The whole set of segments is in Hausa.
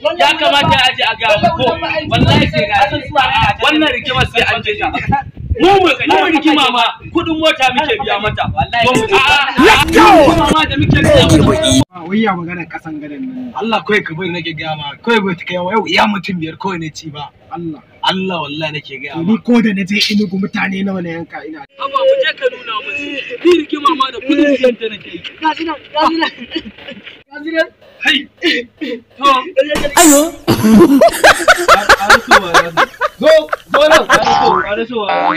ya kamata a je a ga ko wallahi sai na wannan rigimar sai an je ta mu mu rigima ma kudin mota muke biya mata wallahi let's go ma da muke biya wayya magana kasan gadan nan Allah kai ka bari nake gaya ma kai bai ta kai yau ya mutum biyar kawai ne ci ba Allah Allah wallahi nake gaya ma ni ko da na je inugu mutane nawa ne yanka ina amma mu je ka nuna musu ni rigima ma da kudin biyan ta nake yi gashi nan gashi nan gashi hai to ayo zo zo nan ƙara sowa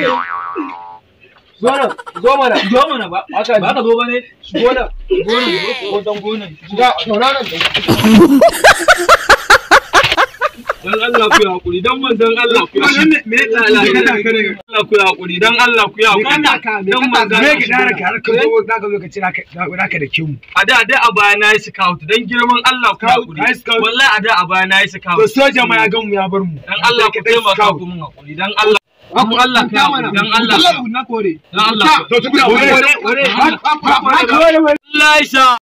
zo nan zo mana zo mana ba haka ba ka zo ba ne gona gona gona gona hakuri dan manzon Allah ku yi me ya tsala Allah ku hakuri dan Allah ku yi hakuri dan manzon Allah me ka ka zo za ka zo ka cira ka da mu. a da dai a baya na yi scout dan girman Allah ku hakuri wallahi a da a baya na yi scout to soja ma ya gan mu ya bar mu dan Allah ku taimaka ku mun hakuri dan Allah Aku Allah ka dan Allah na kore dan Allah to tukura kore kore